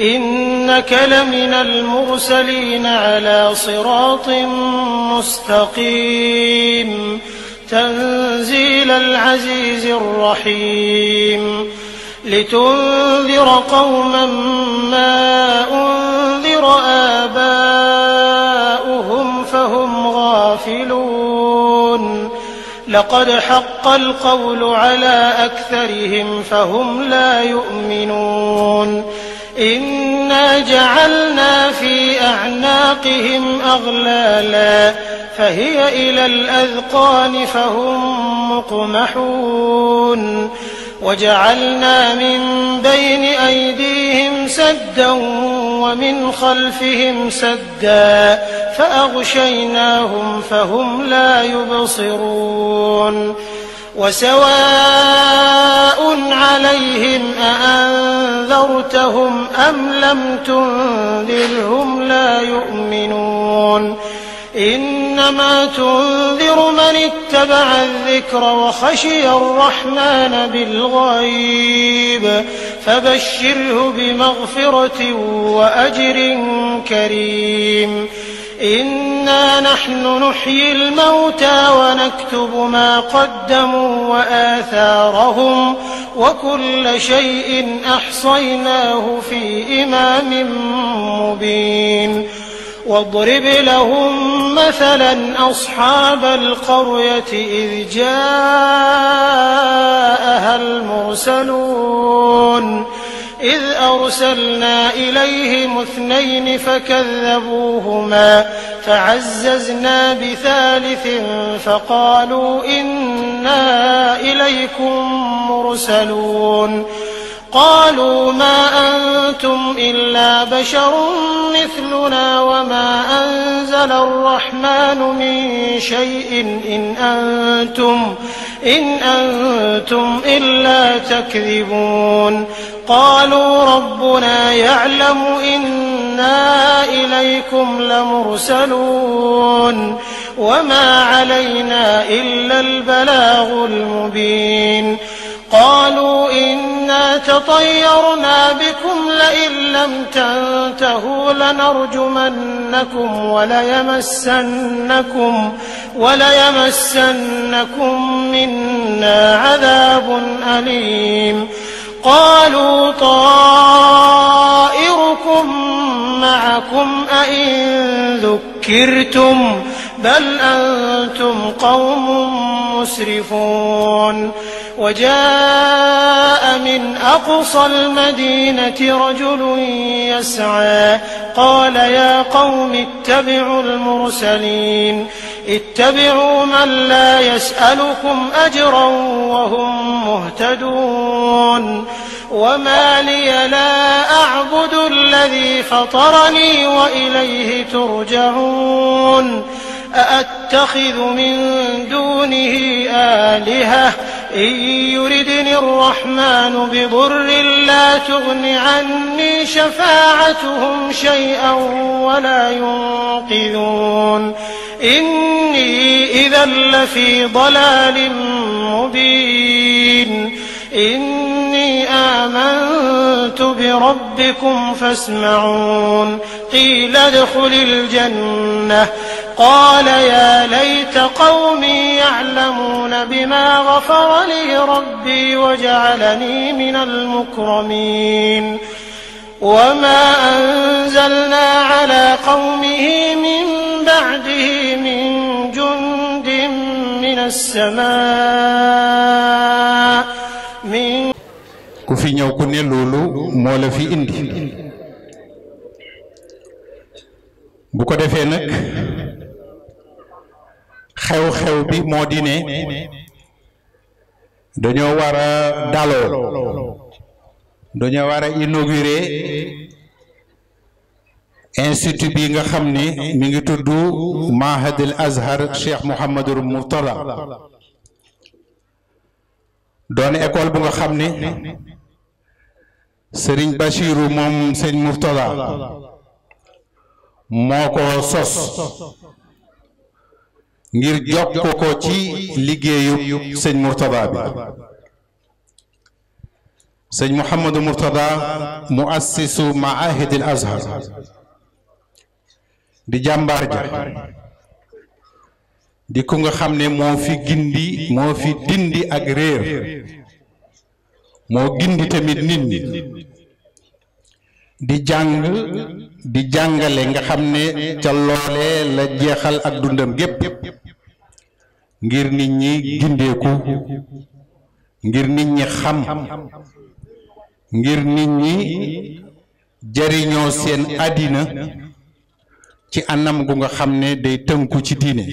إنك لمن المرسلين على صراط مستقيم تنزيل العزيز الرحيم لتنذر قوما ما أنذر آباؤهم فهم غافلون لقد حق القول على أكثرهم فهم لا يؤمنون إنا جعلنا في أعناقهم أغلالا فهي إلى الأذقان فهم مقمحون وجعلنا من بين أيديهم سدا ومن خلفهم سدا فأغشيناهم فهم لا يبصرون وسواء عليهم أأنذرتهم أم لم تنذرهم لا يؤمنون إنما تنذر من اتبع الذكر وخشي الرحمن بالغيب فبشره بمغفرة وأجر كريم إنا نحن نحيي الموتى ونكتب ما قدموا وآثارهم وكل شيء أحصيناه في إمام مبين واضرب لهم مثلا أصحاب القرية إذ جاءها المرسلون إذ أرسلنا إليهم اثنين فكذبوهما فعززنا بثالث فقالوا إنا إليكم مرسلون قالوا ما أنتم إلا بشر مثلنا وما أنزل الرحمن من شيء إن أنتم إن أنتم إلا تكذبون قالوا ربنا يعلم إنا إليكم لمرسلون وما علينا إلا البلاغ المبين تطيرنا بكم لئن لم تنتهوا لنرجمنكم وليمسنكم, وليمسنكم منا عذاب أليم قالوا طائركم معكم أئن ذكرتم بل أنتم قوم مسرفون وجاء من أقصى المدينة رجل يسعى قال يا قوم اتبعوا المرسلين اتبعوا من لا يسألكم أجرا وهم مهتدون وما لي لا أعبد الذي فطرني وإليه ترجعون أأتخذ من دونه آلهة إن يردني الرحمن بضر لا تغن عني شفاعتهم شيئا ولا ينقذون إني إذا لفي ضلال مبين إني آمنت بربكم فاسمعون قيل ادخل الجنة قال يا ليت قومي يعلمون بما غفر لي ربي وجعلني من المكرمين وما أنزلنا على قومه من بعده من جند من السماء من ku fi ñëw ku ne loolu moo la fi indi bu ko defee nag xew-xew bi moo di ne dañoo wara a daloo dañoo war a inaugurer bi nga xam ni mi ngi tudd Mahad al Azhar Cheikh Mouhamadul Mourtala doon école bu nga xam ni sëriñ Bachiru moom sëñ Murtada moo ko sos ngir jokk ko ci liggéeyu sëñ Murtada bi sëñ Mouhamadou Murtada muassisu maahidil azhar di jàmbaar ja di ku nga xam ne moo fi gindi moo fi dindi ak réer moo gindi tamit nit ñi di jàng di jàngale nga xam ne ca loolee la jeexal ak dundam gépp ngir nit ñi gindeeku ngir nit ñi xam ngir nit ñi jariñoo seen àddina ci anam gu nga xam ne day tënku ci diine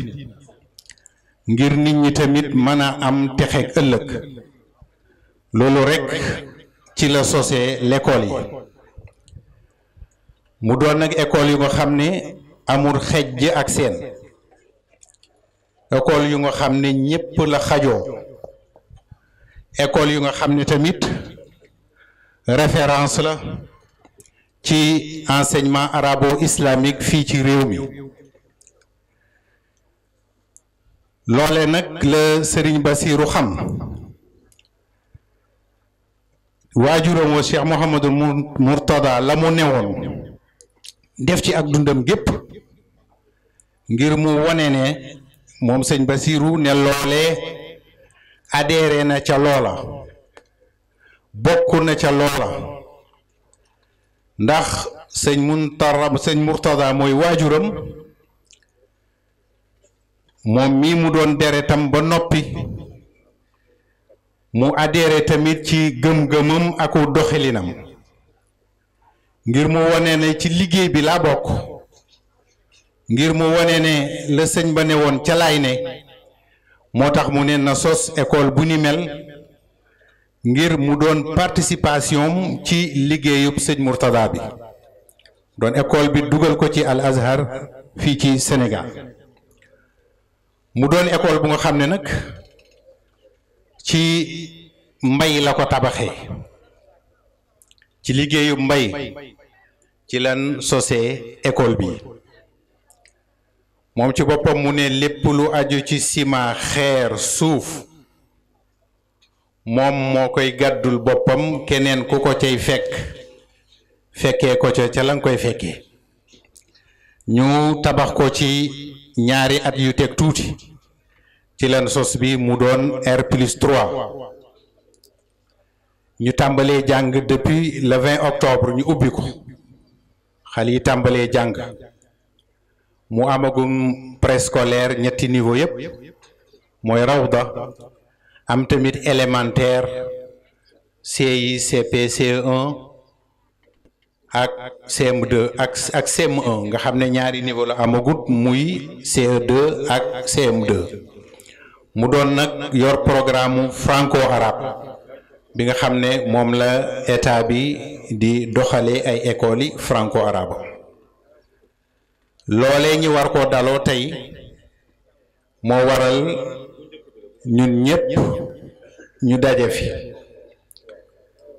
ngir nit ñi tamit mën a am texeeg ëllëg loolu rekk ci la sose l'école yi mu doon nag école yu nga xam ne amul ji ak seen école yu nga xam ne ñépp la xajoo école yu nga xam ni tamit référence la ci enseignement arabo islamique fii ci réew mi loole nag la Serigne Bassirou xam waajuram wa Cheikh Mouhamadul Mourtada la mu newoon def ci ak dundam gépp ngir mu wone ne moom sëñ Basiiru ne loolee adhéré na ca loola bokk na ca loola ndax sëñ Muntaram sëñ Mourtada mooy waajuram moom mii mu doon deretam ba noppi mu adhéré tamit ci gëm-gëmam aku doxalinam ngir mu wone ne ci liggéey bi laa bokk ngir mu wone ne la sëñ ba ne woon ca lay ne moo tax mu ne na sos école bu ni mel ngir mu doon participation ci liggéeyub sëñ Mourtada bi doon école bi dugal ko ci Al Azhar fii ci Sénégal mu doon école bu nga xam ne nag ci mbay la ko tabaxee ci liggéeyu mbay ci lan sose école bi moom ci boppam mu ne lépp lu aju ci sima xeer suuf moom moo koy gàddul boppam keneen ku ko cay fekk fekkee ko ca ca lan koy fekkee ñu tabax ko ci ñaari at yu teg tuuti ci lenn sos bi mu doon R plus 3 ñu tàmbalee jàng depuis le 20 octobre ñu ubbi ko xale yi tàmbalee jàng mu amagum préscolaire ñetti niveau yépp mooy rawda am tamit élémentaire CI CP ce ak cm ak ak nga xam ne ñaari niveau la amagut muy ce ak cm mu doon nag yor programme franco arabe bi nga xam ne moom la état bi di doxalee ay écoles franco arabe loolee ñi war koo daloo tey moo waral ñun ñépp ñu daje fi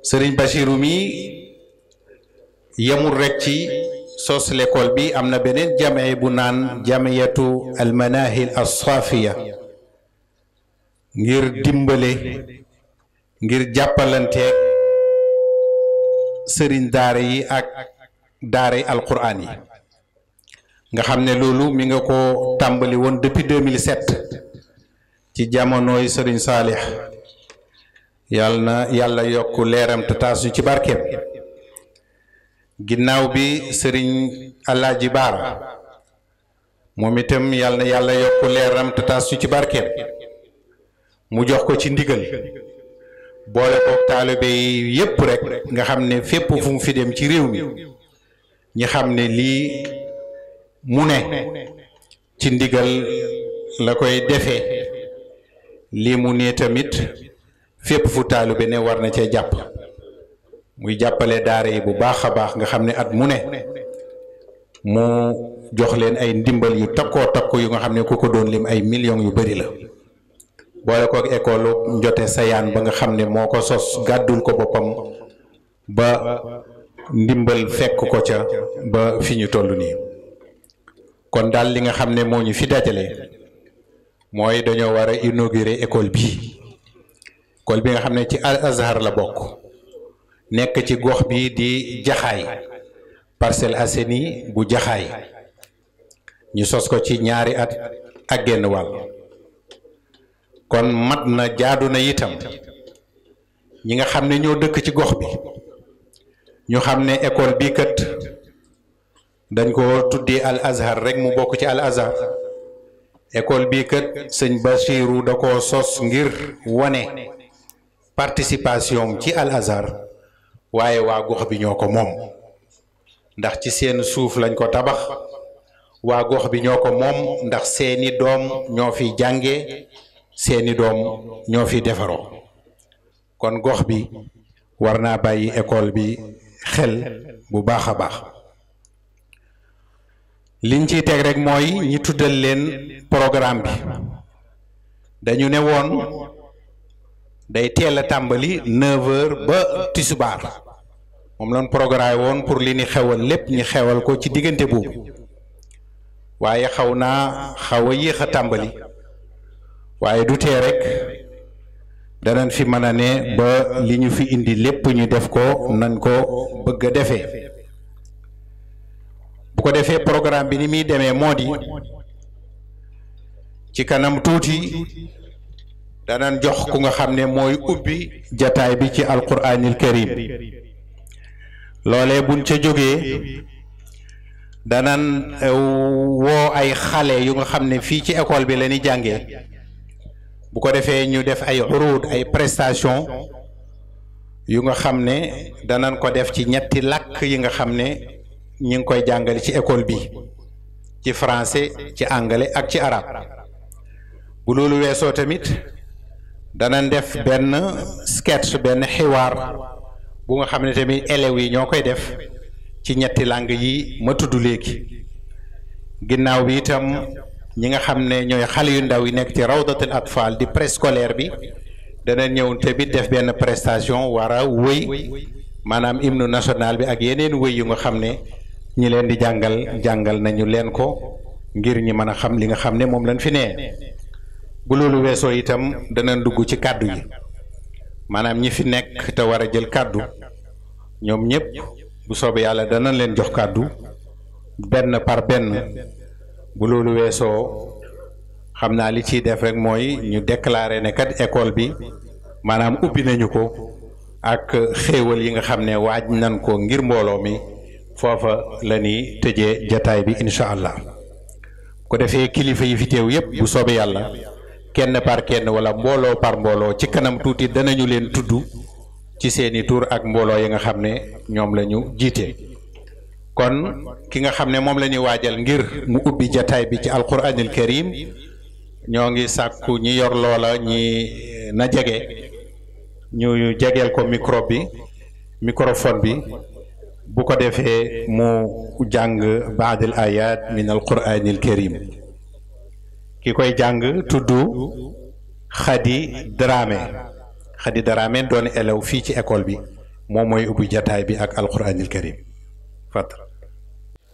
Serigne Bachiru mi yemul rekk ci sos lekool bi am na beneen jamee bu naan jamiyatu almanahil assafiya ngir dimbale ngir jàppalanteeg sëriñ daara yi ak daaray alquran yi nga xam ne loolu mi nga ko tàmbali woon depuis 2007 ci jamonoy sëriñ Saalix yàlla na yàlla yokk leeram te taas ci barkeem ginnaaw bi sëriñ Alaaji Baara moom itam yàlla na yàlla yokk leeram te taas ci barkeem mu jox ko ci ndigal boole ko taalibe yépp rek nga xam ne fépp fu mu fi dem ci réew mi ñi xam ne lii mu ne ci ndigal la koy defee lii mu ne tamit fépp fu taalibe ne war na cee jàpp muy jàppale daara yi bu baax a baax nga xam ne at mu ne mu jox leen ay ndimbal yu takkoo takkoo yu nga xam ne ku ko doon lim ay million yu bari la boole ko ak école njote sayaan ba nga xam ne moo ko sos gàddul ko boppam ba ndimbal fekk ko ca ba fi ñu toll nii kon daal li nga xam ne moo ñu fi dajale mooy dañoo war a inaugurer école bi école bi nga xam ne ci Al Azhar la bokk nekk ci gox bi di jaxaay Parcelles Assainies bu jaxaay ñu sos ko ci ñaari at ak genn wàll kon mat na jaadu na itam ñi nga xam ne ñoo dëkk ci gox bi ñu xam ne école bii kat dañ ko tuddee al azhar rek mu bokk ci al azhar école bii kat sëñ Bachirou da ko sos ngir wane participation ci al waaye waa gox bi ñoo ko moom ndax ci seen suuf lañ ko tabax waa gox bi ñoo ko moom ndax seeni doom ñoo fi jànge seeni doom ñoo fi defaroo kon gox bi war naa bàyyi école bi xel bu baax a baax liñ ciy teg rek mooy ñi tuddal leen programme bi dañu ne woon day teel a tàmbali 9 ba ba tisbaar moom lañ programme woon pour li ni xewal lépp ñi xewal ko ci diggante boobu waaye xaw naa xawa a yéex a tàmbali waaye du tee rek danañ fi mën a ne ba li ñu fi indi lépp ñu def ko nañ ko bëgg a defee bu ko defee programme bi ni muy demee moo di ci kanam tuuti danañ jox ku nga xam ne mooy ubbi jataay bi ci alquranil karim loolee buñ ca jógee danañ eh, woo ay xale yu nga xam ne fii ci école bi la ñuy jàngee bu ko defee ñu def ay uruud ay prestation yu nga xam ne danañ ko def ci ñetti làkk yi nga xam ne ñu ngi koy jàngale ci école bi ci français ci anglais ak ci arabe bu loolu weesoo tamit danañ def benn sketch benn xiwaar bu nga xam ne tamit élèves yi ñoo koy def ci ñetti langue yi ma tudd léegi ginnaaw bi itam ñi nga xam ne ñooy xale yu ndaw yi nekk ci raw rawdatul atfal di préscolaire bi dana ñëw te def benn prestation war a wëy maanaam hymne national bi ak yeneen wëy yu nga xam ne ñi leen di jàngal jàngal nañu leen ko ngir ñi mën a xam li nga xam ne moom lañ fi ne bu loolu weesoo itam dana dugg ci kàddu yi maanaam ñi fi nekk te war a jël kàddu ñoom ñëpp bu soobee yàlla dana leen jox kàddu benn par benn bu loolu weesoo xam naa li ciy def rek mooy ñu déclarer ne kat école bi maanaam ubbi nañu ko ak xéewal yi nga xam ne waaj nañ ko ngir mbooloo mi foofa la ñuy tëjee jataay bi incha allah ko defee kilifa yi fi teew yépp bu soobee yàlla kenn par kenn wala mbooloo par mbooloo ci kanam tuuti danañu leen tudd ci seeni tur ak mbooloo yi nga xam ne ñoom lañu ñu jiite. kon ki nga xam ne moom la ñuy waajal ngir mu ubbi jataay bi ci alquranil karim ñoo ngi sàkku ñi yor loola ñi eh, na jege ñu jegeel ko micro bi microphone bi bu ko defee mu jàng baadil ayat min alquranil karim ki koy jàng tudd Khady drame xadi Dramé doon élève fii ci école bi moom mooy ubbi jataay bi ak alquranil karim fat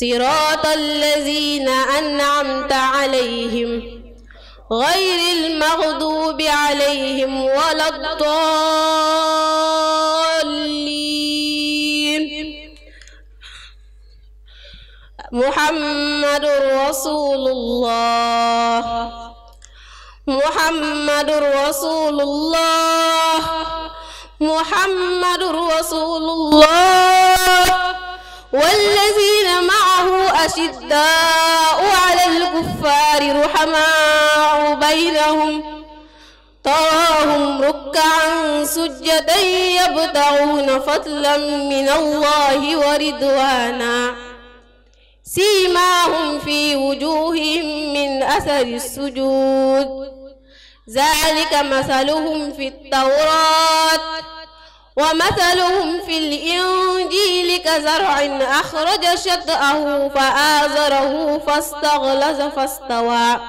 صراط الذين أنعمت عليهم غير المغضوب عليهم ولا الضالين محمد رسول الله محمد رسول الله محمد رسول الله والذين معه أشداء على الكفار رحماء بينهم تراهم ركعا سجدا يبتغون فضلا من الله ورضوانا سيماهم في وجوههم من أثر السجود ذلك مثلهم في التوراة ومثلهم في الإنجيل كزرع أخرج شطأه فآزره فاستغلظ فاستوى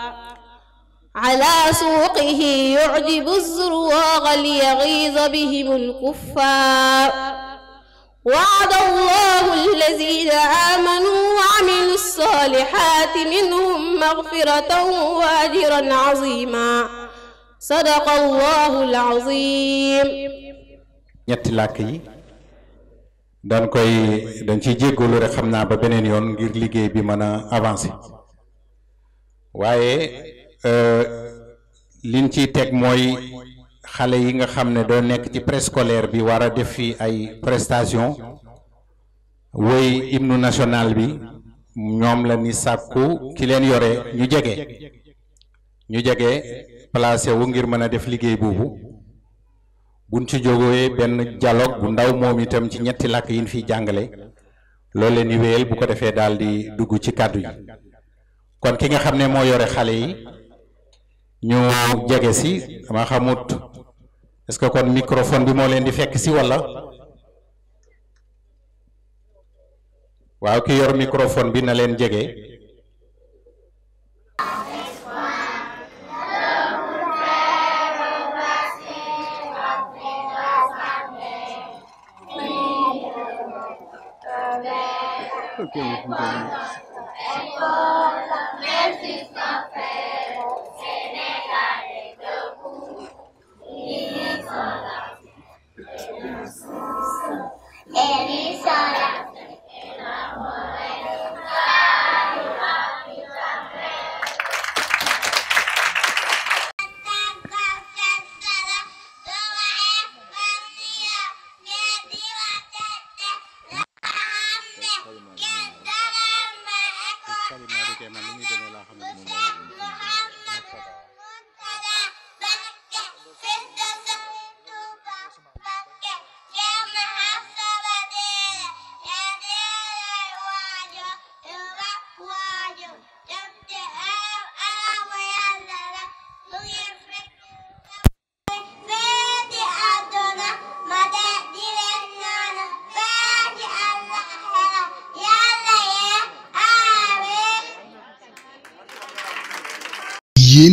على سوقه يعجب الزراغ ليغيظ بهم الكفار وعد الله الذين آمنوا وعملوا الصالحات منهم مغفرة وأجرا عظيما صدق الله العظيم ñetti làkk yi dañ koy dañ ciy jéggalu rek xam naa ba beneen yoon ngir liggéey bi mën a avancé waaye euh, liñ ciy teg mooy xale yi nga xam ne doo nekk ci préscolaire bi war a def fii ay prestation woy hymne national bi ñoom la ni sàkku ki leen yore ñu jege ñu jege placé wu ngir mën a def liggéey boobu buñ ci jógee benn dialogue bu ndaw moom itam ci ñetti làkk yi ñu fiy jàngale loolu leen di wéyal bu ko defee daal di dugg ci kàddu yi kon ki nga xam ne moo yore xale yi ñu jege si dama xamut est que kon microphone bi moo leen di fekk si walla waaw ki yor microphone bi na leen jege. la